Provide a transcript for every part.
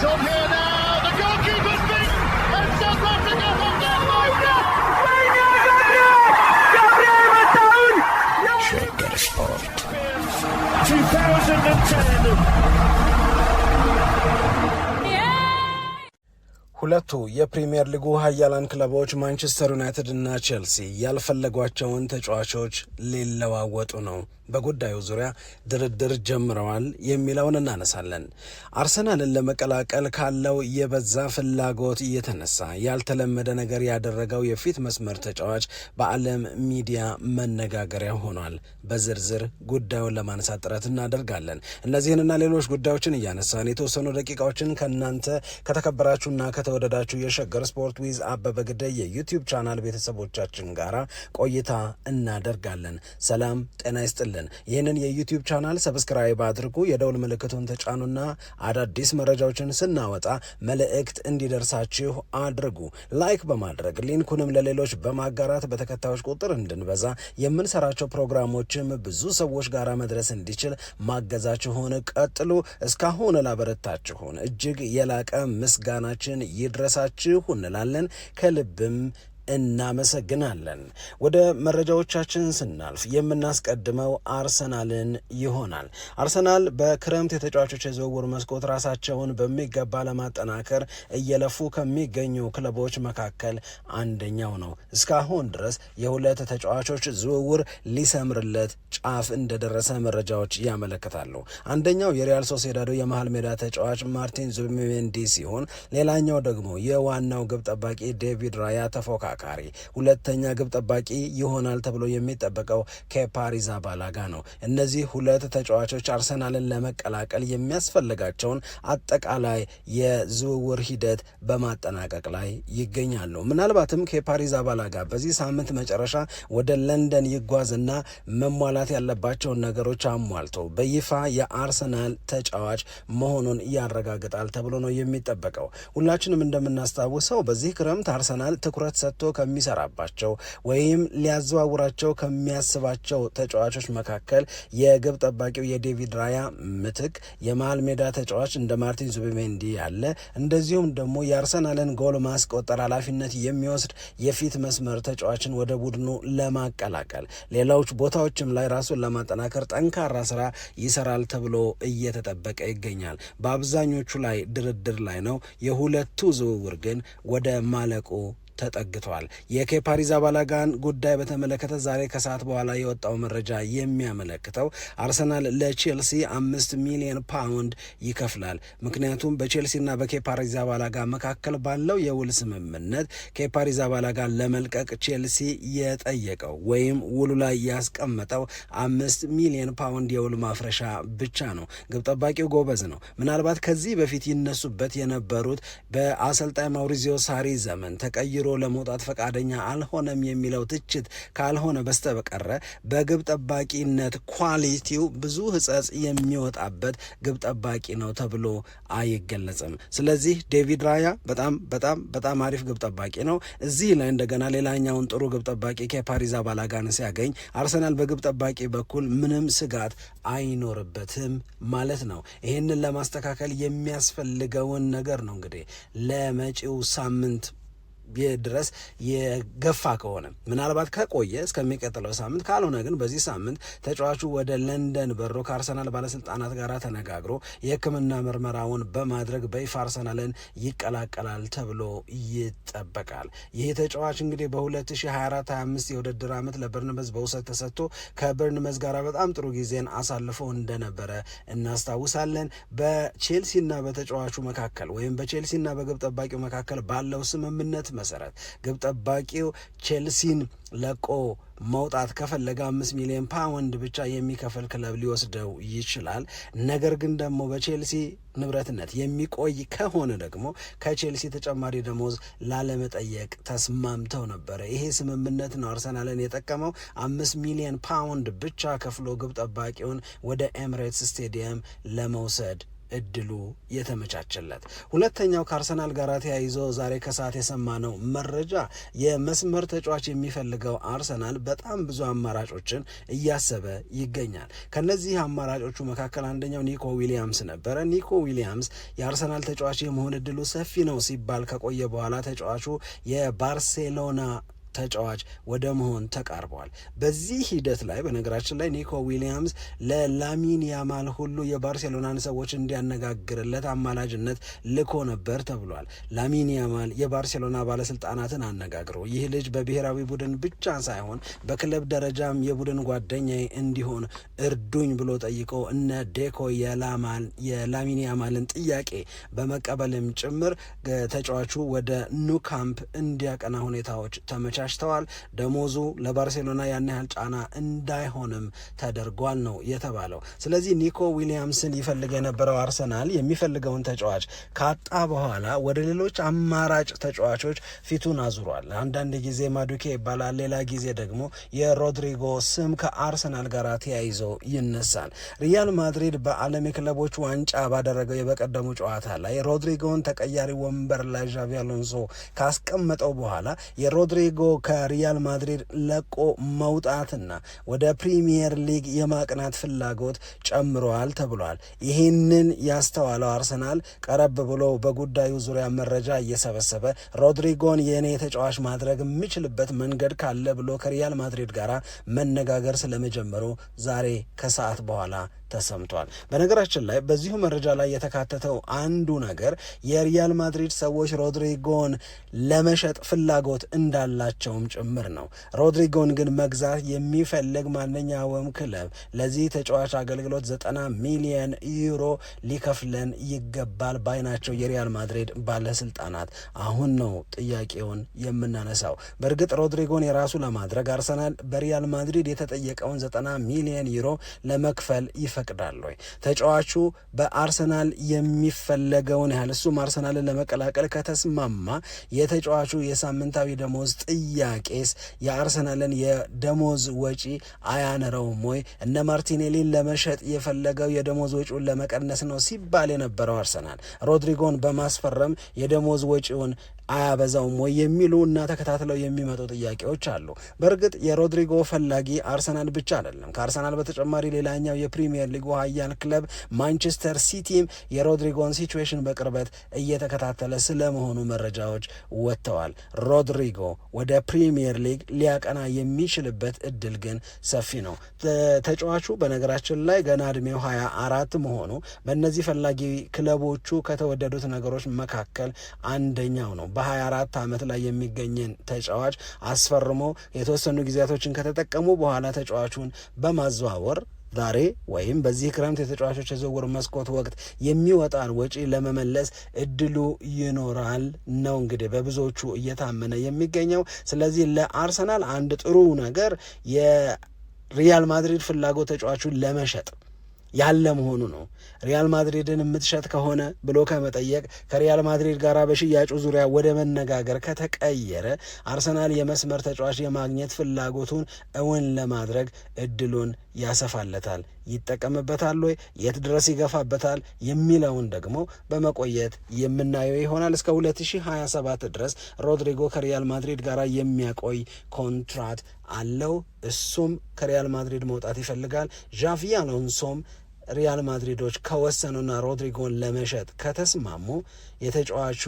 It's on here now. The goalkeeper's beaten, and South Africa have done Check Sport. 2010. ሁለቱ የፕሪምየር ሊጉ ኃያላን ክለቦች ማንቸስተር ዩናይትድ እና ቼልሲ ያልፈለጓቸውን ተጫዋቾች ሊለዋወጡ ነው። በጉዳዩ ዙሪያ ድርድር ጀምረዋል የሚለውን እናነሳለን። አርሰናልን ለመቀላቀል ካለው የበዛ ፍላጎት እየተነሳ ያልተለመደ ነገር ያደረገው የፊት መስመር ተጫዋች በዓለም ሚዲያ መነጋገሪያ ሆኗል። በዝርዝር ጉዳዩን ለማንሳት ጥረት እናደርጋለን። እነዚህንና ሌሎች ጉዳዮችን እያነሳን የተወሰኑ ደቂቃዎችን ከእናንተ ከተከበራችሁና ከተወደዳችሁ የሸገር ስፖርት ዊዝ አበበ ግደይ የዩቲዩብ ቻናል ቤተሰቦቻችን ጋራ ቆይታ እናደርጋለን። ሰላም ጤና ይስጥልን። እናደርሳለን። ይህንን የዩቲዩብ ቻናል ሰብስክራይብ አድርጉ፣ የደውል ምልክቱን ተጫኑና አዳዲስ መረጃዎችን ስናወጣ መልእክት እንዲደርሳችሁ አድርጉ። ላይክ በማድረግ ሊንኩንም ለሌሎች በማጋራት በተከታዮች ቁጥር እንድንበዛ የምንሰራቸው ፕሮግራሞችም ብዙ ሰዎች ጋር መድረስ እንዲችል ማገዛችሁን ቀጥሉ። እስካሁን ላበረታችሁን እጅግ የላቀ ምስጋናችን ይድረሳችሁ እንላለን ከልብም እናመሰግናለን። ወደ መረጃዎቻችን ስናልፍ የምናስቀድመው አርሰናልን ይሆናል። አርሰናል በክረምት የተጫዋቾች የዝውውር መስኮት ራሳቸውን በሚገባ ለማጠናከር እየለፉ ከሚገኙ ክለቦች መካከል አንደኛው ነው። እስካሁን ድረስ የሁለት ተጫዋቾች ዝውውር ሊሰምርለት ጫፍ እንደደረሰ መረጃዎች ያመለክታሉ። አንደኛው የሪያል ሶሴዳዶ የመሃል ሜዳ ተጫዋች ማርቲን ዙቢሜንዲ ሲሆን ሌላኛው ደግሞ የዋናው ግብ ጠባቂ ዴቪድ ራያ ተፎካ ተከራካሪ ሁለተኛ ግብ ጠባቂ ይሆናል ተብሎ የሚጠበቀው ከፓ አሪዛባላጋ ነው። እነዚህ ሁለት ተጫዋቾች አርሰናልን ለመቀላቀል የሚያስፈልጋቸውን አጠቃላይ የዝውውር ሂደት በማጠናቀቅ ላይ ይገኛሉ። ምናልባትም ከፓ አሪዛባላጋ በዚህ ሳምንት መጨረሻ ወደ ለንደን ይጓዝና መሟላት ያለባቸውን ነገሮች አሟልቶ በይፋ የአርሰናል ተጫዋች መሆኑን ያረጋግጣል ተብሎ ነው የሚጠበቀው። ሁላችንም እንደምናስታውሰው በዚህ ክረምት አርሰናል ትኩረት ሰጥቶ ከሚሰራባቸው ወይም ሊያዘዋውራቸው ከሚያስባቸው ተጫዋቾች መካከል የግብ ጠባቂው የዴቪድ ራያ ምትክ የመሃል ሜዳ ተጫዋች እንደ ማርቲን ዙቢሜንዲ ያለ እንደዚሁም ደግሞ የአርሰናልን ጎል ማስቆጠር ኃላፊነት የሚወስድ የፊት መስመር ተጫዋችን ወደ ቡድኑ ለማቀላቀል ሌሎች ቦታዎችም ላይ ራሱን ለማጠናከር ጠንካራ ስራ ይሰራል ተብሎ እየተጠበቀ ይገኛል። በአብዛኞቹ ላይ ድርድር ላይ ነው። የሁለቱ ዝውውር ግን ወደ ማለቁ ተጠግተዋል። የኬፓሪዛ ባላጋን ጉዳይ በተመለከተ ዛሬ ከሰዓት በኋላ የወጣው መረጃ የሚያመለክተው አርሰናል ለቼልሲ አምስት ሚሊዮን ፓውንድ ይከፍላል። ምክንያቱም በቼልሲና በኬፓሪዛ ባላጋ መካከል ባለው የውል ስምምነት ኬፓሪዛ ባላጋን ለመልቀቅ ቼልሲ የጠየቀው ወይም ውሉ ላይ ያስቀመጠው አምስት ሚሊዮን ፓውንድ የውል ማፍረሻ ብቻ ነው። ግብ ጠባቂው ጎበዝ ነው። ምናልባት ከዚህ በፊት ይነሱበት የነበሩት በአሰልጣኝ ማውሪዚዮ ሳሪ ዘመን ተቀይሮ ብሎ ለመውጣት ፈቃደኛ አልሆነም የሚለው ትችት ካልሆነ በስተበቀረ በግብ ጠባቂነት ኳሊቲው ብዙ ሕጸጽ የሚወጣበት ግብ ጠባቂ ነው ተብሎ አይገለጽም። ስለዚህ ዴቪድ ራያ በጣም በጣም በጣም አሪፍ ግብ ጠባቂ ነው። እዚህ ላይ እንደገና ሌላኛውን ጥሩ ግብ ጠባቂ ከፓሪዛ ባላጋን ሲያገኝ አርሰናል በግብ ጠባቂ በኩል ምንም ስጋት አይኖርበትም ማለት ነው። ይህንን ለማስተካከል የሚያስፈልገውን ነገር ነው እንግዲህ ለመጪው ሳምንት ድረስ የገፋ ከሆነ ምናልባት ከቆየ እስከሚቀጥለው ሳምንት፣ ካልሆነ ግን በዚህ ሳምንት ተጫዋቹ ወደ ለንደን በሮ ከአርሰናል ባለስልጣናት ጋር ተነጋግሮ የሕክምና ምርመራውን በማድረግ በይፋ አርሰናልን ይቀላቀላል ተብሎ ይጠበቃል። ይህ ተጫዋች እንግዲህ በ2024/25 የውድድር ዓመት ለበርንመዝ በውሰት ተሰጥቶ ከበርንመዝ ጋር በጣም ጥሩ ጊዜን አሳልፎ እንደነበረ እናስታውሳለን። በቼልሲና በተጫዋቹ መካከል ወይም በቼልሲና በግብ ጠባቂው መካከል ባለው ስምምነት መሰረት ግብ ጠባቂው ቼልሲን ለቆ መውጣት ከፈለገ አምስት ሚሊዮን ፓውንድ ብቻ የሚከፍል ክለብ ሊወስደው ይችላል። ነገር ግን ደግሞ በቼልሲ ንብረትነት የሚቆይ ከሆነ ደግሞ ከቼልሲ ተጨማሪ ደሞዝ ላለመጠየቅ ተስማምተው ነበረ። ይሄ ስምምነት ነው አርሰናልን የጠቀመው። አምስት ሚሊዮን ፓውንድ ብቻ ከፍሎ ግብ ጠባቂውን ወደ ኤምሬትስ ስቴዲየም ለመውሰድ እድሉ የተመቻቸለት። ሁለተኛው ከአርሰናል ጋር ተያይዞ ዛሬ ከሰዓት የሰማነው መረጃ የመስመር ተጫዋች የሚፈልገው አርሰናል በጣም ብዙ አማራጮችን እያሰበ ይገኛል። ከነዚህ አማራጮቹ መካከል አንደኛው ኒኮ ዊሊያምስ ነበረ። ኒኮ ዊሊያምስ የአርሰናል ተጫዋች የመሆን እድሉ ሰፊ ነው ሲባል ከቆየ በኋላ ተጫዋቹ የባርሴሎና ተጫዋች ወደ መሆን ተቃርበዋል። በዚህ ሂደት ላይ በነገራችን ላይ ኒኮ ዊሊያምስ ለላሚን ያማል ሁሉ የባርሴሎናን ሰዎች እንዲያነጋግርለት አማላጅነት ልኮ ነበር ተብሏል። ላሚን ያማል የባርሴሎና ባለስልጣናትን አነጋግሮ ይህ ልጅ በብሔራዊ ቡድን ብቻ ሳይሆን በክለብ ደረጃም የቡድን ጓደኛ እንዲሆን እርዱኝ ብሎ ጠይቆ እነ ዴኮ የላሚን ያማልን ጥያቄ በመቀበልም ጭምር ተጫዋቹ ወደ ኑካምፕ እንዲያቀና ሁኔታዎች ተመቻ አመቻችተዋል። ደሞዙ ለባርሴሎና ያን ያህል ጫና እንዳይሆንም ተደርጓል ነው የተባለው። ስለዚህ ኒኮ ዊሊያምስን ይፈልግ የነበረው አርሰናል የሚፈልገውን ተጫዋች ካጣ በኋላ ወደ ሌሎች አማራጭ ተጫዋቾች ፊቱን አዙሯል። አንዳንድ ጊዜ ማዱኬ ይባላል፣ ሌላ ጊዜ ደግሞ የሮድሪጎ ስም ከአርሰናል ጋር ተያይዞ ይነሳል። ሪያል ማድሪድ በዓለም የክለቦች ዋንጫ ባደረገው የበቀደሙ ጨዋታ ላይ ሮድሪጎን ተቀያሪ ወንበር ላይ ዣቪ አሎንሶ ካስቀመጠው በኋላ የሮድሪጎ ከሪያል ማድሪድ ለቆ መውጣትና ወደ ፕሪሚየር ሊግ የማቅናት ፍላጎት ጨምረዋል ተብሏል። ይህንን ያስተዋለው አርሰናል ቀረብ ብሎ በጉዳዩ ዙሪያ መረጃ እየሰበሰበ ሮድሪጎን የእኔ ተጫዋች ማድረግ የምችልበት መንገድ ካለ ብሎ ከሪያል ማድሪድ ጋር መነጋገር ስለመጀመሩ ዛሬ ከሰዓት በኋላ ተሰምቷል። በነገራችን ላይ በዚሁ መረጃ ላይ የተካተተው አንዱ ነገር የሪያል ማድሪድ ሰዎች ሮድሪጎን ለመሸጥ ፍላጎት እንዳላቸውም ጭምር ነው። ሮድሪጎን ግን መግዛት የሚፈልግ ማንኛውም ክለብ ለዚህ ተጫዋች አገልግሎት ዘጠና ሚሊየን ዩሮ ሊከፍለን ይገባል ባይ ናቸው የሪያል ማድሪድ ባለስልጣናት። አሁን ነው ጥያቄውን የምናነሳው። በእርግጥ ሮድሪጎን የራሱ ለማድረግ አርሰናል በሪያል ማድሪድ የተጠየቀውን ዘጠና ሚሊየን ዩሮ ለመክፈል ይፈ ይፈቅዳል ወይ? ተጫዋቹ በአርሰናል የሚፈለገውን ያህል እሱም አርሰናልን ለመቀላቀል ከተስማማ የተጫዋቹ የሳምንታዊ ደሞዝ ጥያቄስ የአርሰናልን የደሞዝ ወጪ አያነረውም ወይ? እነ ማርቲኔሊን ለመሸጥ የፈለገው የደሞዝ ወጪውን ለመቀነስ ነው ሲባል የነበረው አርሰናል ሮድሪጎን በማስፈረም የደሞዝ ወጪውን አያበዛውም ወይ የሚሉ እና ተከታትለው የሚመጡ ጥያቄዎች አሉ። በእርግጥ የሮድሪጎ ፈላጊ አርሰናል ብቻ አይደለም። ከአርሰናል በተጨማሪ ሌላኛው የፕሪሚየር ሊጉ ኃያል ክለብ ማንቸስተር ሲቲም የሮድሪጎን ሲቹዌሽን በቅርበት እየተከታተለ ስለመሆኑ መረጃዎች ወጥተዋል። ሮድሪጎ ወደ ፕሪሚየር ሊግ ሊያቀና የሚችልበት እድል ግን ሰፊ ነው። ተጫዋቹ በነገራችን ላይ ገና እድሜው ሀያ አራት መሆኑ በእነዚህ ፈላጊ ክለቦቹ ከተወደዱት ነገሮች መካከል አንደኛው ነው። በ24 ዓመት ላይ የሚገኝን ተጫዋች አስፈርሞ የተወሰኑ ጊዜያቶችን ከተጠቀሙ በኋላ ተጫዋቹን በማዘዋወር ዛሬ ወይም በዚህ ክረምት የተጫዋቾች የዝውውር መስኮት ወቅት የሚወጣን ወጪ ለመመለስ እድሉ ይኖራል ነው እንግዲህ በብዙዎቹ እየታመነ የሚገኘው። ስለዚህ ለአርሰናል አንድ ጥሩ ነገር የሪያል ማድሪድ ፍላጎት ተጫዋቹን ለመሸጥ ያለ መሆኑ ነው። ሪያል ማድሪድን የምትሸጥ ከሆነ ብሎ ከመጠየቅ ከሪያል ማድሪድ ጋር በሽያጩ ዙሪያ ወደ መነጋገር ከተቀየረ አርሰናል የመስመር ተጫዋች የማግኘት ፍላጎቱን እውን ለማድረግ እድሉን ያሰፋለታል? ይጠቀምበታል ወይ? የት ድረስ ይገፋበታል? የሚለውን ደግሞ በመቆየት የምናየው ይሆናል። እስከ 2027 ድረስ ሮድሪጎ ከሪያል ማድሪድ ጋር የሚያቆይ ኮንትራት አለው። እሱም ከሪያል ማድሪድ መውጣት ይፈልጋል። ዣቪ አሎንሶም ሪያል ማድሪዶች ከወሰኑና ሮድሪጎን ለመሸጥ ከተስማሙ የተጫዋቹ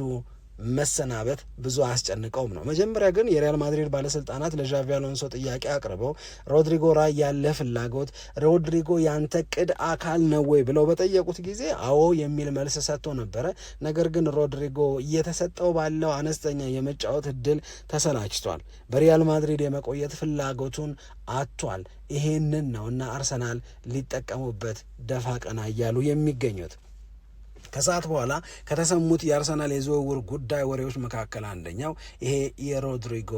መሰናበት ብዙ አስጨንቀውም ነው። መጀመሪያ ግን የሪያል ማድሪድ ባለስልጣናት ለዣቪ አሎንሶ ጥያቄ አቅርበው ሮድሪጎ ራይ ያለ ፍላጎት ሮድሪጎ ያንተ ቅድ አካል ነው ወይ ብለው በጠየቁት ጊዜ አዎ የሚል መልስ ሰጥቶ ነበረ። ነገር ግን ሮድሪጎ እየተሰጠው ባለው አነስተኛ የመጫወት እድል ተሰናችቷል። በሪያል ማድሪድ የመቆየት ፍላጎቱን አጥቷል። ይሄንን ነው እና አርሰናል ሊጠቀሙበት ደፋ ቀና እያሉ የሚገኙት። ከሰዓት በኋላ ከተሰሙት የአርሰናል የዝውውር ጉዳይ ወሬዎች መካከል አንደኛው ይሄ የሮድሪጎ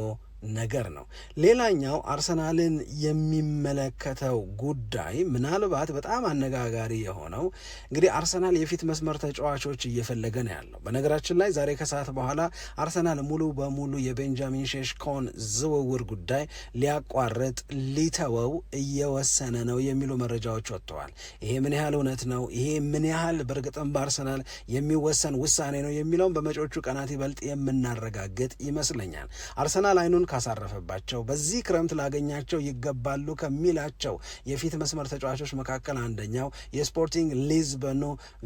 ነገር ነው። ሌላኛው አርሰናልን የሚመለከተው ጉዳይ ምናልባት በጣም አነጋጋሪ የሆነው እንግዲህ አርሰናል የፊት መስመር ተጫዋቾች እየፈለገ ነው ያለው። በነገራችን ላይ ዛሬ ከሰዓት በኋላ አርሰናል ሙሉ በሙሉ የቤንጃሚን ሼሽኮን ዝውውር ጉዳይ ሊያቋርጥ ሊተወው እየወሰነ ነው የሚሉ መረጃዎች ወጥተዋል። ይሄ ምን ያህል እውነት ነው? ይሄ ምን ያህል በእርግጥም በአርሰናል የሚወሰን ውሳኔ ነው የሚለውን በመጪዎቹ ቀናት ይበልጥ የምናረጋግጥ ይመስለኛል። አርሰናል አይኑን ካሳረፈባቸው በዚህ ክረምት ላገኛቸው ይገባሉ ከሚላቸው የፊት መስመር ተጫዋቾች መካከል አንደኛው የስፖርቲንግ ሊዝበኑ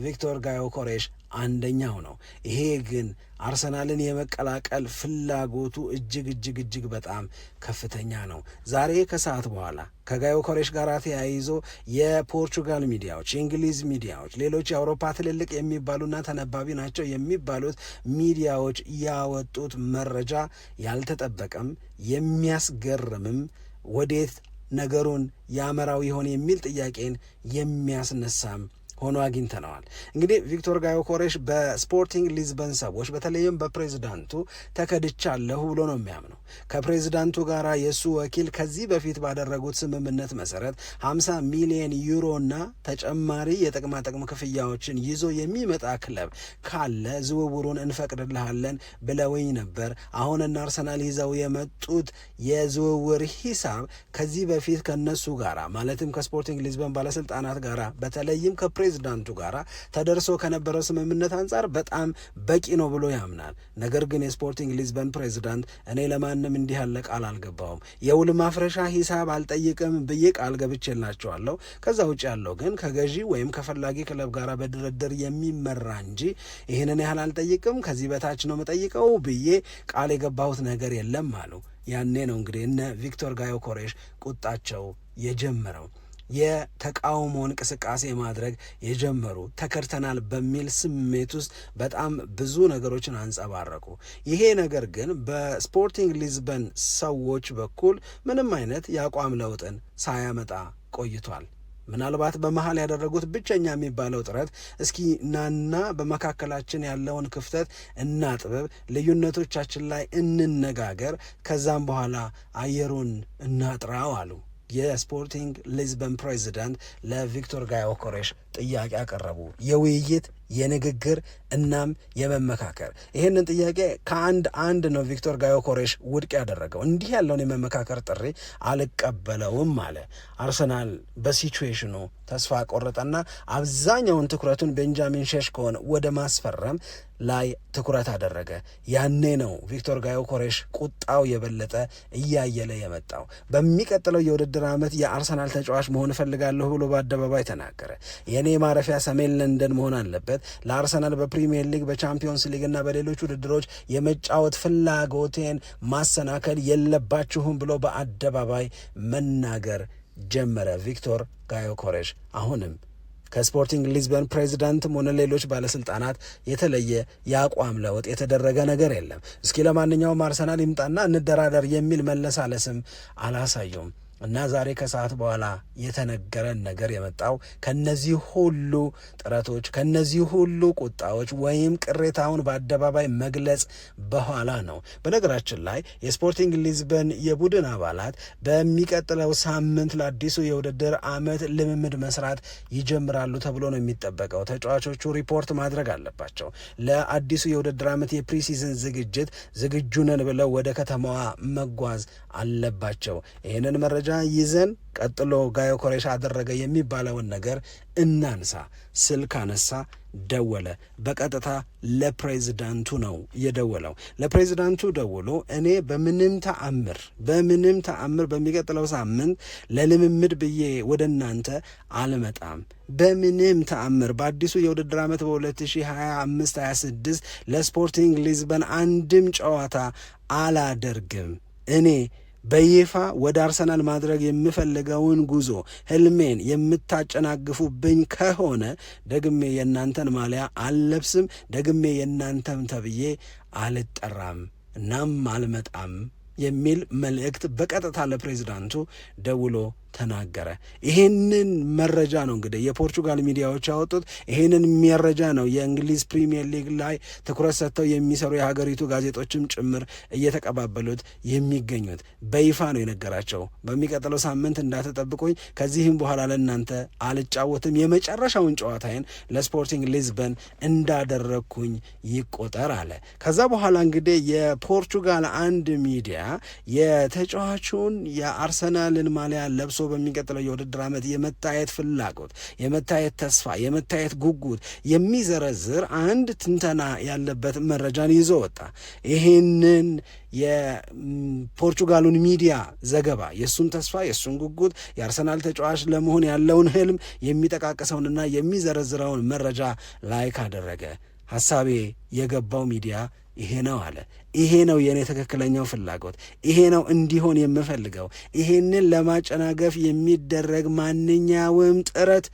ቪክቶር ጋዮ ኮሬሽ አንደኛው ነው። ይሄ ግን አርሰናልን የመቀላቀል ፍላጎቱ እጅግ እጅግ እጅግ በጣም ከፍተኛ ነው። ዛሬ ከሰዓት በኋላ ከጋዮ ኮሬሽ ጋር ተያይዞ የፖርቹጋል ሚዲያዎች፣ የእንግሊዝ ሚዲያዎች፣ ሌሎች የአውሮፓ ትልልቅ የሚባሉና ተነባቢ ናቸው የሚባሉት ሚዲያዎች ያወጡት መረጃ ያልተጠበቀም የሚያስገርምም ወዴት ነገሩን ያመራው ይሆን የሚል ጥያቄን የሚያስነሳም ሆኖ አግኝተነዋል። እንግዲህ ቪክቶር ጋዮኮሬሽ በስፖርቲንግ ሊዝበን ሰዎች በተለይም በፕሬዚዳንቱ ተከድቻለሁ ብሎ ነው የሚያምነው። ከፕሬዚዳንቱ ጋር የእሱ ወኪል ከዚህ በፊት ባደረጉት ስምምነት መሰረት 50 ሚሊዮን ዩሮና ተጨማሪ የጥቅማጥቅም ክፍያዎችን ይዞ የሚመጣ ክለብ ካለ ዝውውሩን እንፈቅድልሃለን ብለውኝ ነበር። አሁን አርሰናል ይዘው የመጡት የዝውውር ሂሳብ ከዚህ በፊት ከነሱ ጋራ ማለትም ከስፖርቲንግ ሊዝበን ባለስልጣናት ጋራ በተለይም ከፕሬ ከፕሬዚዳንቱ ጋር ተደርሶ ከነበረው ስምምነት አንጻር በጣም በቂ ነው ብሎ ያምናል። ነገር ግን የስፖርቲንግ ሊዝበን ፕሬዚዳንት እኔ ለማንም እንዲህ ያለ ቃል አልገባውም፣ የውል ማፍረሻ ሂሳብ አልጠይቅም ብዬ ቃል ገብቼላቸዋለሁ። ከዛ ውጭ ያለው ግን ከገዢ ወይም ከፈላጊ ክለብ ጋር በድርድር የሚመራ እንጂ ይህንን ያህል አልጠይቅም፣ ከዚህ በታች ነው የምጠይቀው ብዬ ቃል የገባሁት ነገር የለም አሉ። ያኔ ነው እንግዲህ እነ ቪክቶር ጋዮ ኮሬሽ ቁጣቸው የጀመረው። የተቃውሞ እንቅስቃሴ ማድረግ የጀመሩ ተከድተናል በሚል ስሜት ውስጥ በጣም ብዙ ነገሮችን አንጸባረቁ። ይሄ ነገር ግን በስፖርቲንግ ሊዝበን ሰዎች በኩል ምንም አይነት የአቋም ለውጥን ሳያመጣ ቆይቷል። ምናልባት በመሀል ያደረጉት ብቸኛ የሚባለው ጥረት እስኪ ናና በመካከላችን ያለውን ክፍተት እናጥበብ፣ ልዩነቶቻችን ላይ እንነጋገር፣ ከዛም በኋላ አየሩን እናጥራው አሉ። የስፖርቲንግ ሊዝበን ፕሬዚዳንት ለቪክቶር ጋዮ ኮሬሽ ጥያቄ አቀረቡ። የውይይት የንግግር እናም የመመካከር ይህንን ጥያቄ ከአንድ አንድ ነው ቪክቶር ጋዮ ኮሬሽ ውድቅ ያደረገው። እንዲህ ያለውን የመመካከር ጥሪ አልቀበለውም አለ። አርሰናል በሲቹዌሽኑ ተስፋ ቆረጠና አብዛኛውን ትኩረቱን ቤንጃሚን ሼሽኮን ወደ ማስፈረም ላይ ትኩረት አደረገ። ያኔ ነው ቪክቶር ጋዮ ኮሬሽ ቁጣው የበለጠ እያየለ የመጣው። በሚቀጥለው የውድድር ዓመት የአርሰናል ተጫዋች መሆን እፈልጋለሁ ብሎ በአደባባይ ተናገረ። የኔ የኔ ማረፊያ ሰሜን ለንደን መሆን አለበት። ለአርሰናል በፕሪሚየር ሊግ በቻምፒዮንስ ሊግና በሌሎች ውድድሮች የመጫወት ፍላጎቴን ማሰናከል የለባችሁም ብሎ በአደባባይ መናገር ጀመረ። ቪክቶር ጋዮ ኮሬሽ አሁንም ከስፖርቲንግ ሊዝበን ፕሬዚዳንትም ሆነ ሌሎች ባለስልጣናት የተለየ የአቋም ለውጥ የተደረገ ነገር የለም። እስኪ ለማንኛውም አርሰናል ይምጣና እንደራደር የሚል መለሳለስም አላሳዩም። እና ዛሬ ከሰዓት በኋላ የተነገረን ነገር የመጣው ከነዚህ ሁሉ ጥረቶች ከነዚህ ሁሉ ቁጣዎች ወይም ቅሬታውን በአደባባይ መግለጽ በኋላ ነው። በነገራችን ላይ የስፖርቲንግ ሊዝበን የቡድን አባላት በሚቀጥለው ሳምንት ለአዲሱ የውድድር ዓመት ልምምድ መስራት ይጀምራሉ ተብሎ ነው የሚጠበቀው። ተጫዋቾቹ ሪፖርት ማድረግ አለባቸው። ለአዲሱ የውድድር ዓመት የፕሪሲዝን ዝግጅት ዝግጁ ነን ብለው ወደ ከተማዋ መጓዝ አለባቸው። ይህንን መረጃ መረጃ ይዘን ቀጥሎ ጋዮ ኮሬሻ አደረገ የሚባለውን ነገር እናንሳ። ስልክ አነሳ፣ ደወለ። በቀጥታ ለፕሬዚዳንቱ ነው የደወለው። ለፕሬዚዳንቱ ደውሎ እኔ በምንም ተአምር በምንም ተአምር በሚቀጥለው ሳምንት ለልምምድ ብዬ ወደ እናንተ አልመጣም በምንም ተአምር በአዲሱ የውድድር ዓመት በ2025 26 ለስፖርቲንግ ሊዝበን አንድም ጨዋታ አላደርግም እኔ በይፋ ወደ አርሰናል ማድረግ የምፈልገውን ጉዞ ህልሜን የምታጨናግፉብኝ ከሆነ ደግሜ የእናንተን ማሊያ አልለብስም፣ ደግሜ የእናንተም ተብዬ አልጠራም፣ እናም አልመጣም የሚል መልእክት በቀጥታ ለፕሬዚዳንቱ ደውሎ ተናገረ። ይሄንን መረጃ ነው እንግዲህ የፖርቹጋል ሚዲያዎች ያወጡት። ይሄንን መረጃ ነው የእንግሊዝ ፕሪሚየር ሊግ ላይ ትኩረት ሰጥተው የሚሰሩ የሀገሪቱ ጋዜጦችም ጭምር እየተቀባበሉት የሚገኙት። በይፋ ነው የነገራቸው። በሚቀጥለው ሳምንት እንዳትጠብቁኝ፣ ከዚህም በኋላ ለእናንተ አልጫወትም፣ የመጨረሻውን ጨዋታዬን ለስፖርቲንግ ሊዝበን እንዳደረግኩኝ ይቆጠር አለ። ከዛ በኋላ እንግዲህ የፖርቹጋል አንድ ሚዲያ የተጫዋቹን የአርሰናልን ማሊያ ለብሶ ለብሶ በሚቀጥለው የውድድር ዓመት የመታየት ፍላጎት፣ የመታየት ተስፋ፣ የመታየት ጉጉት የሚዘረዝር አንድ ትንተና ያለበት መረጃን ይዞ ወጣ። ይህንን የፖርቹጋሉን ሚዲያ ዘገባ የእሱን ተስፋ የእሱን ጉጉት የአርሰናል ተጫዋች ለመሆን ያለውን ህልም የሚጠቃቅሰውንና የሚዘረዝረውን መረጃ ላይ ካደረገ ሀሳቤ የገባው ሚዲያ ይሄ ነው አለ። ይሄ ነው የእኔ ትክክለኛው ፍላጎት፣ ይሄ ነው እንዲሆን የምፈልገው። ይሄንን ለማጨናገፍ የሚደረግ ማንኛውም ጥረት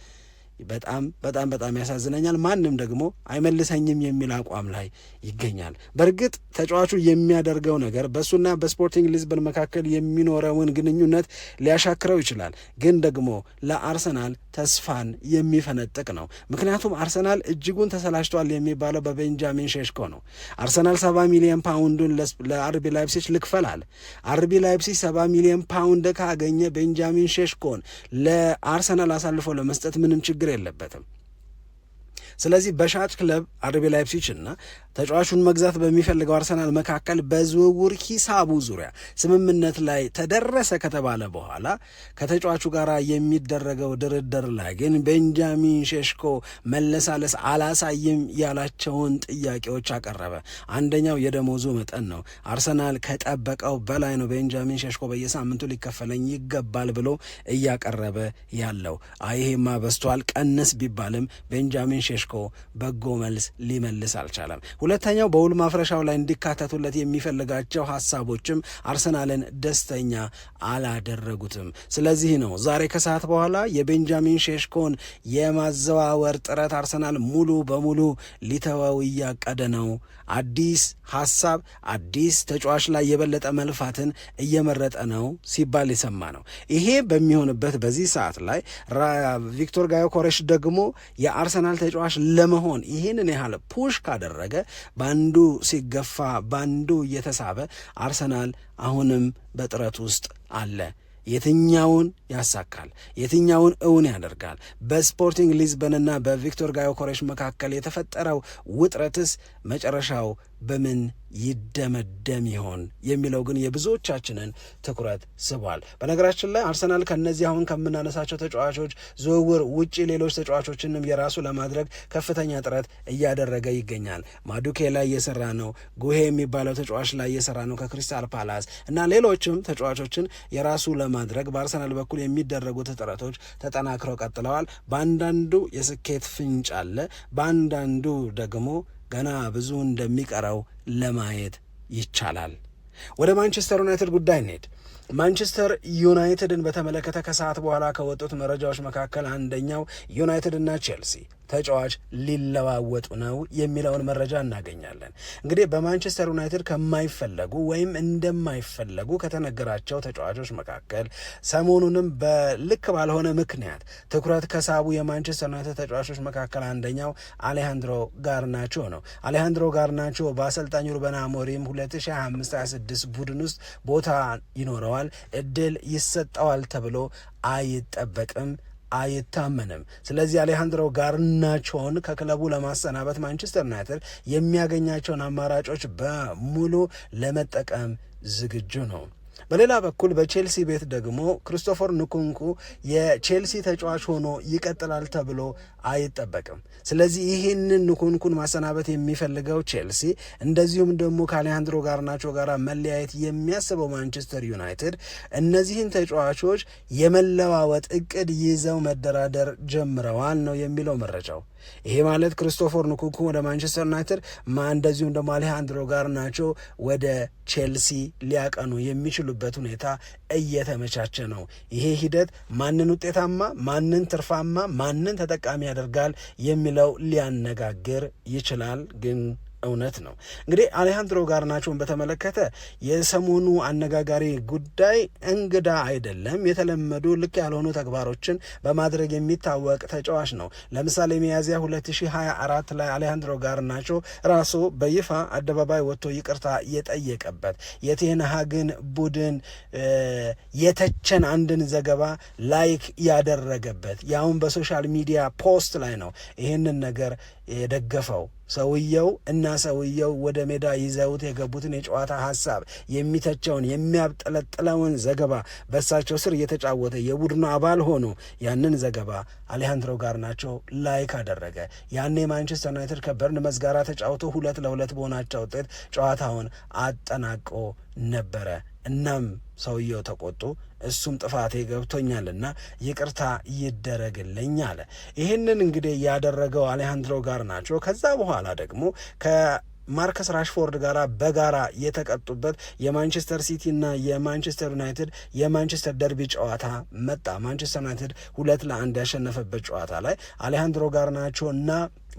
በጣም በጣም በጣም ያሳዝነኛል። ማንም ደግሞ አይመልሰኝም የሚል አቋም ላይ ይገኛል። በእርግጥ ተጫዋቹ የሚያደርገው ነገር በእሱና በስፖርቲንግ ሊዝበን መካከል የሚኖረውን ግንኙነት ሊያሻክረው ይችላል፣ ግን ደግሞ ለአርሰናል ተስፋን የሚፈነጥቅ ነው። ምክንያቱም አርሰናል እጅጉን ተሰላችቷል የሚባለው በቤንጃሚን ሼሽኮ ነው። አርሰናል ሰባ ሚሊዮን ፓውንዱን ለአርቢ ላይፕሲች ልክፈላል። አርቢ ላይፕሲች ሰባ ሚሊዮን ፓውንድ ካገኘ ቤንጃሚን ሼሽኮን ለአርሰናል አሳልፎ ለመስጠት ምንም ችግር ችግር የለበትም። ስለዚህ በሻጭ ክለብ አርቤ ላይፕሲች እና ተጫዋቹን መግዛት በሚፈልገው አርሰናል መካከል በዝውውር ሂሳቡ ዙሪያ ስምምነት ላይ ተደረሰ ከተባለ በኋላ ከተጫዋቹ ጋር የሚደረገው ድርድር ላይ ግን ቤንጃሚን ሼሽኮ መለሳለስ አላሳይም ያላቸውን ጥያቄዎች አቀረበ። አንደኛው የደሞዙ መጠን ነው። አርሰናል ከጠበቀው በላይ ነው። ቤንጃሚን ሼሽኮ በየሳምንቱ ሊከፈለኝ ይገባል ብሎ እያቀረበ ያለው አይሄማ በስቷል፣ ቀነስ ቢባልም ቤንጃሚን ሼሽኮ ሞናስኮ በጎ መልስ ሊመልስ አልቻለም። ሁለተኛው በውል ማፍረሻው ላይ እንዲካተቱለት የሚፈልጋቸው ሀሳቦችም አርሰናልን ደስተኛ አላደረጉትም። ስለዚህ ነው ዛሬ ከሰዓት በኋላ የቤንጃሚን ሼሽኮን የማዘዋወር ጥረት አርሰናል ሙሉ በሙሉ ሊተወው እያቀደ ነው። አዲስ ሀሳብ አዲስ ተጫዋች ላይ የበለጠ መልፋትን እየመረጠ ነው ሲባል የሰማ ነው። ይሄ በሚሆንበት በዚህ ሰዓት ላይ ቪክቶር ጋዮ ኮሬሽ ደግሞ የአርሰናል ተጫዋች ተጠቃሽ ለመሆን ይህንን ያህል ፑሽ ካደረገ ባንዱ ሲገፋ ባንዱ እየተሳበ አርሰናል አሁንም በጥረት ውስጥ አለ። የትኛውን ያሳካል? የትኛውን እውን ያደርጋል? በስፖርቲንግ ሊዝበንና በቪክቶር ጋዮኮሬሽ መካከል የተፈጠረው ውጥረትስ መጨረሻው በምን ይደመደም ይሆን የሚለው ግን የብዙዎቻችንን ትኩረት ስቧል። በነገራችን ላይ አርሰናል ከነዚህ አሁን ከምናነሳቸው ተጫዋቾች ዝውውር ውጭ ሌሎች ተጫዋቾችንም የራሱ ለማድረግ ከፍተኛ ጥረት እያደረገ ይገኛል። ማዱኬ ላይ እየሰራ ነው። ጉሄ የሚባለው ተጫዋች ላይ እየሰራ ነው ከክሪስታል ፓላስ እና ሌሎችም ተጫዋቾችን የራሱ ለማድረግ በአርሰናል በኩል የሚደረጉት ጥረቶች ተጠናክረው ቀጥለዋል። በአንዳንዱ የስኬት ፍንጭ አለ፣ በአንዳንዱ ደግሞ ገና ብዙ እንደሚቀረው ለማየት ይቻላል። ወደ ማንቸስተር ዩናይትድ ጉዳይ እንሄድ። ማንቸስተር ዩናይትድን በተመለከተ ከሰዓት በኋላ ከወጡት መረጃዎች መካከል አንደኛው ዩናይትድ እና ቼልሲ ተጫዋች ሊለዋወጡ ነው የሚለውን መረጃ እናገኛለን። እንግዲህ በማንቸስተር ዩናይትድ ከማይፈለጉ ወይም እንደማይፈለጉ ከተነገራቸው ተጫዋቾች መካከል ሰሞኑንም በልክ ባልሆነ ምክንያት ትኩረት ከሳቡ የማንቸስተር ዩናይትድ ተጫዋቾች መካከል አንደኛው አሌሃንድሮ ጋርናቾ ነው። አሌሃንድሮ ጋርናቾ በአሰልጣኝ ሩበን አሞሪም 2025/26 ቡድን ውስጥ ቦታ ይኖረዋል፣ እድል ይሰጠዋል ተብሎ አይጠበቅም። አይታመንም። ስለዚህ አሌሃንድሮ ጋርናቾን ከክለቡ ለማሰናበት ማንቸስተር ዩናይትድ የሚያገኛቸውን አማራጮች በሙሉ ለመጠቀም ዝግጁ ነው። በሌላ በኩል በቼልሲ ቤት ደግሞ ክሪስቶፈር ንኩንኩ የቼልሲ ተጫዋች ሆኖ ይቀጥላል ተብሎ አይጠበቅም። ስለዚህ ይህንን ንኩንኩን ማሰናበት የሚፈልገው ቼልሲ፣ እንደዚሁም ደግሞ ከአሌሃንድሮ ጋርናቾ ጋር መለያየት የሚያስበው ማንቸስተር ዩናይትድ እነዚህን ተጫዋቾች የመለዋወጥ እቅድ ይዘው መደራደር ጀምረዋል ነው የሚለው መረጃው። ይሄ ማለት ክርስቶፈር ንኩኩ ወደ ማንቸስተር ዩናይትድ ማ እንደዚሁም ደግሞ አሌሃንድሮ ጋር ናቸው ወደ ቼልሲ ሊያቀኑ የሚችሉበት ሁኔታ እየተመቻቸ ነው። ይሄ ሂደት ማንን ውጤታማ፣ ማንን ትርፋማ፣ ማንን ተጠቃሚ ያደርጋል የሚለው ሊያነጋግር ይችላል ግን እውነት ነው። እንግዲህ አሌሃንድሮ ጋርናቾን በተመለከተ የሰሞኑ አነጋጋሪ ጉዳይ እንግዳ አይደለም። የተለመዱ ልክ ያልሆኑ ተግባሮችን በማድረግ የሚታወቅ ተጫዋች ነው። ለምሳሌ ሚያዝያ 2024 ላይ አሌሃንድሮ ጋርናቾ ራሱ በይፋ አደባባይ ወጥቶ ይቅርታ የጠየቀበት የቴንሃግን ቡድን የተቸን አንድን ዘገባ ላይክ ያደረገበት ያውን በሶሻል ሚዲያ ፖስት ላይ ነው ይህንን ነገር የደገፈው ሰውየው እና ሰውየው ወደ ሜዳ ይዘውት የገቡትን የጨዋታ ሀሳብ የሚተቸውን የሚያብጠለጥለውን ዘገባ በእሳቸው ስር እየተጫወተ የቡድኑ አባል ሆኖ ያንን ዘገባ አሌሃንድሮ ጋርናቾ ላይክ አደረገ። ያኔ ማንቸስተር ዩናይትድ ከበርንመዝ ጋር ተጫውቶ ሁለት ለሁለት በሆናቸው ውጤት ጨዋታውን አጠናቆ ነበረ። እናም ሰውየው ተቆጡ። እሱም ጥፋቴ ገብቶኛልና ይቅርታ ይደረግልኝ አለ። ይህንን እንግዲህ ያደረገው አሌሃንድሮ ናቸው። ከዛ በኋላ ደግሞ ከማርከስ ራሽፎርድ ጋር በጋራ የተቀጡበት የማንቸስተር ሲቲ እና የማንቸስተር ዩናይትድ የማንቸስተር ደርቢ ጨዋታ መጣ። ማንቸስተር ዩናይትድ ሁለት ለአንድ ያሸነፈበት ጨዋታ ላይ አሌሃንድሮ ናቸው እና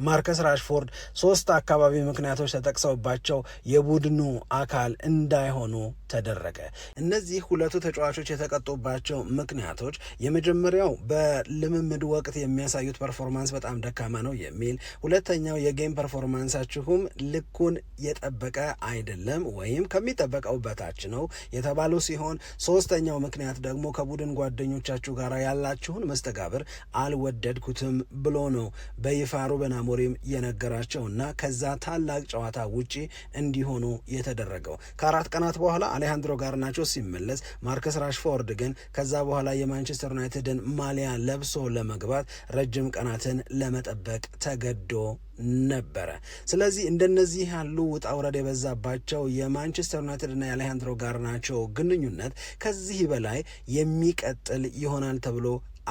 ማርከስ ራሽፎርድ ሶስት አካባቢ ምክንያቶች ተጠቅሰውባቸው የቡድኑ አካል እንዳይሆኑ ተደረገ። እነዚህ ሁለቱ ተጫዋቾች የተቀጡባቸው ምክንያቶች የመጀመሪያው በልምምድ ወቅት የሚያሳዩት ፐርፎርማንስ በጣም ደካማ ነው የሚል፣ ሁለተኛው የጌም ፐርፎርማንሳችሁም ልኩን የጠበቀ አይደለም ወይም ከሚጠበቀው በታች ነው የተባሉ ሲሆን ሶስተኛው ምክንያት ደግሞ ከቡድን ጓደኞቻችሁ ጋር ያላችሁን መስተጋብር አልወደድኩትም ብሎ ነው በይፋ ሩበን አሞሪም የነገራቸውና ከዛ ታላቅ ጨዋታ ውጪ እንዲሆኑ የተደረገው። ከአራት ቀናት በኋላ አሌሃንድሮ ጋርናቾ ሲመለስ ማርከስ ራሽፎርድ ግን ከዛ በኋላ የማንቸስተር ዩናይትድን ማሊያ ለብሶ ለመግባት ረጅም ቀናትን ለመጠበቅ ተገዶ ነበረ። ስለዚህ እንደነዚህ ያሉ ውጣ ውረድ የበዛባቸው የማንቸስተር ዩናይትድና የአሌሃንድሮ ጋርናቾ ግንኙነት ከዚህ በላይ የሚቀጥል ይሆናል ተብሎ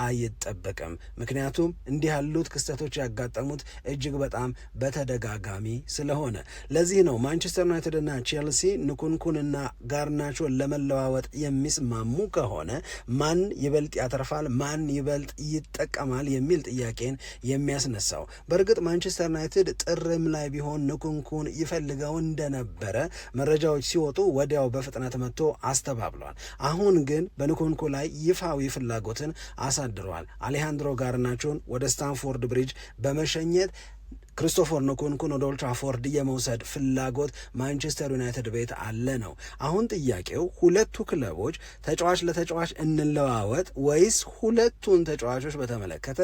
አይጠበቅም። ምክንያቱም እንዲህ ያሉት ክስተቶች ያጋጠሙት እጅግ በጣም በተደጋጋሚ ስለሆነ፣ ለዚህ ነው ማንቸስተር ዩናይትድና ቼልሲ ንኩንኩንና ጋርናቾን ለመለዋወጥ የሚስማሙ ከሆነ ማን ይበልጥ ያተርፋል፣ ማን ይበልጥ ይጠቀማል የሚል ጥያቄን የሚያስነሳው። በእርግጥ ማንቸስተር ዩናይትድ ጥርም ላይ ቢሆን ንኩንኩን ይፈልገው እንደነበረ መረጃዎች ሲወጡ ወዲያው በፍጥነት መጥቶ አስተባብሏል። አሁን ግን በንኩንኩ ላይ ይፋዊ ፍላጎትን አሳ አሳድረዋል። አሌሃንድሮ ጋርናቾን ወደ ስታንፎርድ ብሪጅ በመሸኘት ክሪስቶፈር ንኩንኩን ወደ ኦልትራፎርድ የመውሰድ ፍላጎት ማንቸስተር ዩናይትድ ቤት አለ ነው። አሁን ጥያቄው ሁለቱ ክለቦች ተጫዋች ለተጫዋች እንለዋወጥ ወይስ ሁለቱን ተጫዋቾች በተመለከተ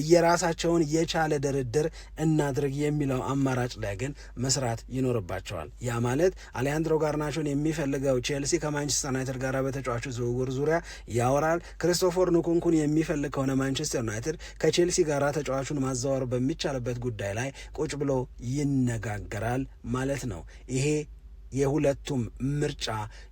እየራሳቸውን የቻለ ድርድር እናድርግ የሚለው አማራጭ ላይ ግን መስራት ይኖርባቸዋል። ያ ማለት አሊያንድሮ ጋርናቾን የሚፈልገው ቼልሲ ከማንቸስተር ዩናይትድ ጋር በተጫዋቹ ዝውውር ዙሪያ ያወራል። ክሪስቶፈር ንኩንኩን የሚፈልግ ከሆነ ማንቸስተር ዩናይትድ ከቼልሲ ጋር ተጫዋቹን ማዘዋወር በሚቻልበት ጉዳይ ላይ ቁጭ ብሎ ይነጋገራል ማለት ነው ይሄ የሁለቱም ምርጫ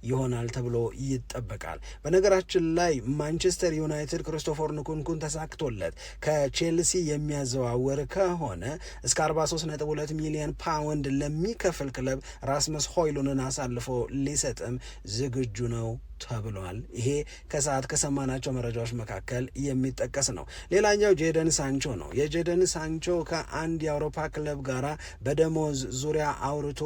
ይሆናል ተብሎ ይጠበቃል። በነገራችን ላይ ማንቸስተር ዩናይትድ ክሪስቶፈር ንኩንኩን ተሳክቶለት ከቼልሲ የሚያዘዋውር ከሆነ እስከ 43.2 ሚሊዮን ፓውንድ ለሚከፍል ክለብ ራስመስ ሆይሉንን አሳልፎ ሊሰጥም ዝግጁ ነው ተብሏል። ይሄ ከሰዓት ከሰማናቸው መረጃዎች መካከል የሚጠቀስ ነው። ሌላኛው ጄደን ሳንቾ ነው። የጄደን ሳንቾ ከአንድ የአውሮፓ ክለብ ጋራ በደሞዝ ዙሪያ አውርቶ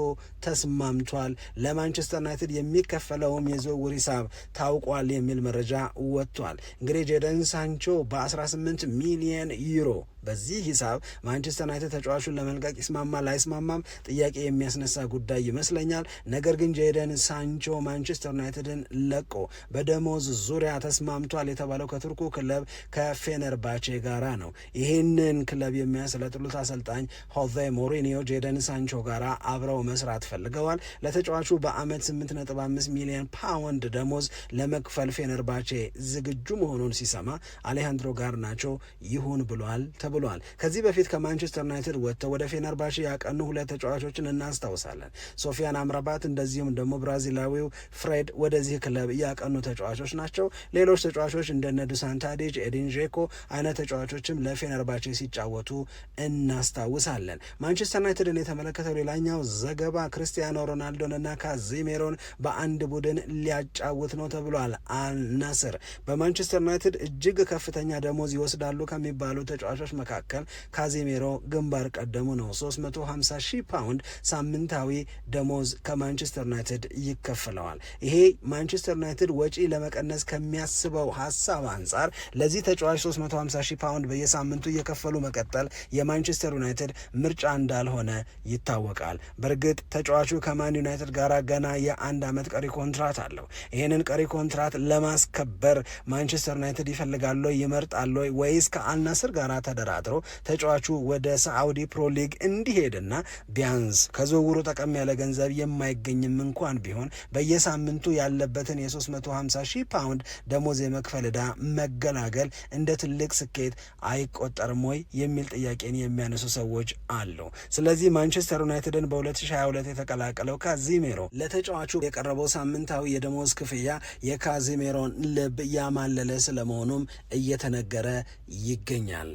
ተስማምቷል። ለማንቸስተር ዩናይትድ የሚከፈለውም የዝውውር ሂሳብ ታውቋል የሚል መረጃ ወጥቷል። እንግዲህ ጄደን ሳንቾ በ18 ሚሊየን ዩሮ በዚህ ሂሳብ ማንቸስተር ዩናይትድ ተጫዋቹን ለመልቀቅ ይስማማ ላይስማማም ጥያቄ የሚያስነሳ ጉዳይ ይመስለኛል። ነገር ግን ጄደን ሳንቾ ማንቸስተር ዩናይትድን ለቆ በደሞዝ ዙሪያ ተስማምቷል የተባለው ከቱርኩ ክለብ ከፌነርባቼ ጋራ ነው። ይህንን ክለብ የሚያስለጥሉት አሰልጣኝ ሆዜ ሞሪኒዮ ጄደን ሳንቾ ጋራ አብረው መስራት ፈልገዋል። ለተጫዋቹ በአመት 8.5 ሚሊዮን ፓውንድ ደሞዝ ለመክፈል ፌነርባቼ ዝግጁ መሆኑን ሲሰማ አሌሃንድሮ ጋርናቾ ይሁን ብሏል። ብለዋል። ከዚህ በፊት ከማንቸስተር ዩናይትድ ወጥተው ወደ ፌነርባሽ ያቀኑ ሁለት ተጫዋቾችን እናስታውሳለን። ሶፊያን አምራባት እንደዚሁም ደግሞ ብራዚላዊው ፍሬድ ወደዚህ ክለብ ያቀኑ ተጫዋቾች ናቸው። ሌሎች ተጫዋቾች እንደ ዱሳን ታዲጅ፣ ኤዲን ዤኮ አይነት ተጫዋቾችም ለፌነርባች ሲጫወቱ እናስታውሳለን። ማንቸስተር ዩናይትድን የተመለከተው ሌላኛው ዘገባ ክርስቲያኖ ሮናልዶንና ካዚሜሮን በአንድ ቡድን ሊያጫውት ነው ተብሏል። አልናስር በማንቸስተር ዩናይትድ እጅግ ከፍተኛ ደሞዝ ይወስዳሉ ከሚባሉ ተጫዋቾች መካከል ካዜሜሮ ግንባር ቀደሙ ነው። 350 ሺህ ፓውንድ ሳምንታዊ ደሞዝ ከማንቸስተር ዩናይትድ ይከፍለዋል። ይሄ ማንቸስተር ዩናይትድ ወጪ ለመቀነስ ከሚያስበው ሀሳብ አንጻር ለዚህ ተጫዋች 350 ሺህ ፓውንድ በየሳምንቱ እየከፈሉ መቀጠል የማንቸስተር ዩናይትድ ምርጫ እንዳልሆነ ይታወቃል። በእርግጥ ተጫዋቹ ከማን ዩናይትድ ጋር ገና የአንድ ዓመት ቀሪ ኮንትራት አለው። ይህንን ቀሪ ኮንትራት ለማስከበር ማንቸስተር ዩናይትድ ይፈልጋል ይመርጣል ወይስ ከአልናስር ጋር ተደራ ተቆጣጥሮ ተጫዋቹ ወደ ሳዑዲ ፕሮ ሊግ እንዲሄድና ቢያንስ ከዝውውሩ ጠቀም ያለ ገንዘብ የማይገኝም እንኳን ቢሆን በየሳምንቱ ያለበትን የ350 ሺህ ፓውንድ ደሞዝ የመክፈል ዕዳ መገላገል እንደ ትልቅ ስኬት አይቆጠርም ወይ የሚል ጥያቄን የሚያነሱ ሰዎች አሉ። ስለዚህ ማንቸስተር ዩናይትድን በ2022 የተቀላቀለው ካዚሜሮ ለተጫዋቹ የቀረበው ሳምንታዊ የደሞዝ ክፍያ የካዚሜሮን ልብ ያማለለ ስለመሆኑም እየተነገረ ይገኛል።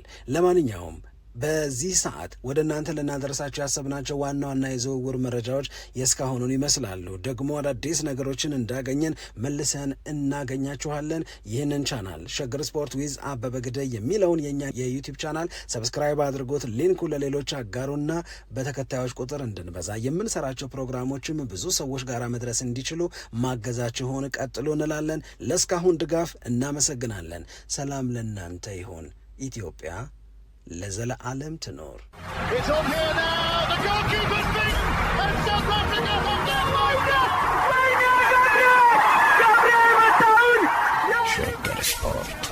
ለማንኛውም በዚህ ሰዓት ወደ እናንተ ልናደርሳቸው ያሰብናቸው ዋና ዋና የዝውውር መረጃዎች የእስካሁኑን ይመስላሉ። ደግሞ አዳዲስ ነገሮችን እንዳገኘን መልሰን እናገኛችኋለን። ይህንን ቻናል ሸገር ስፖርት ዊዝ አበበ ግደይ የሚለውን የኛ የዩቲዩብ ቻናል ሰብስክራይብ አድርጎት ሊንኩ ለሌሎች አጋሩና በተከታዮች ቁጥር እንድንበዛ የምንሰራቸው ፕሮግራሞችም ብዙ ሰዎች ጋር መድረስ እንዲችሉ ማገዛችሁን ቀጥሉ እንላለን። ለእስካሁን ድጋፍ እናመሰግናለን። ሰላም ለእናንተ ይሁን። ኢትዮጵያ ለዘለዓለም ትኖር። ሸገር ስፖርት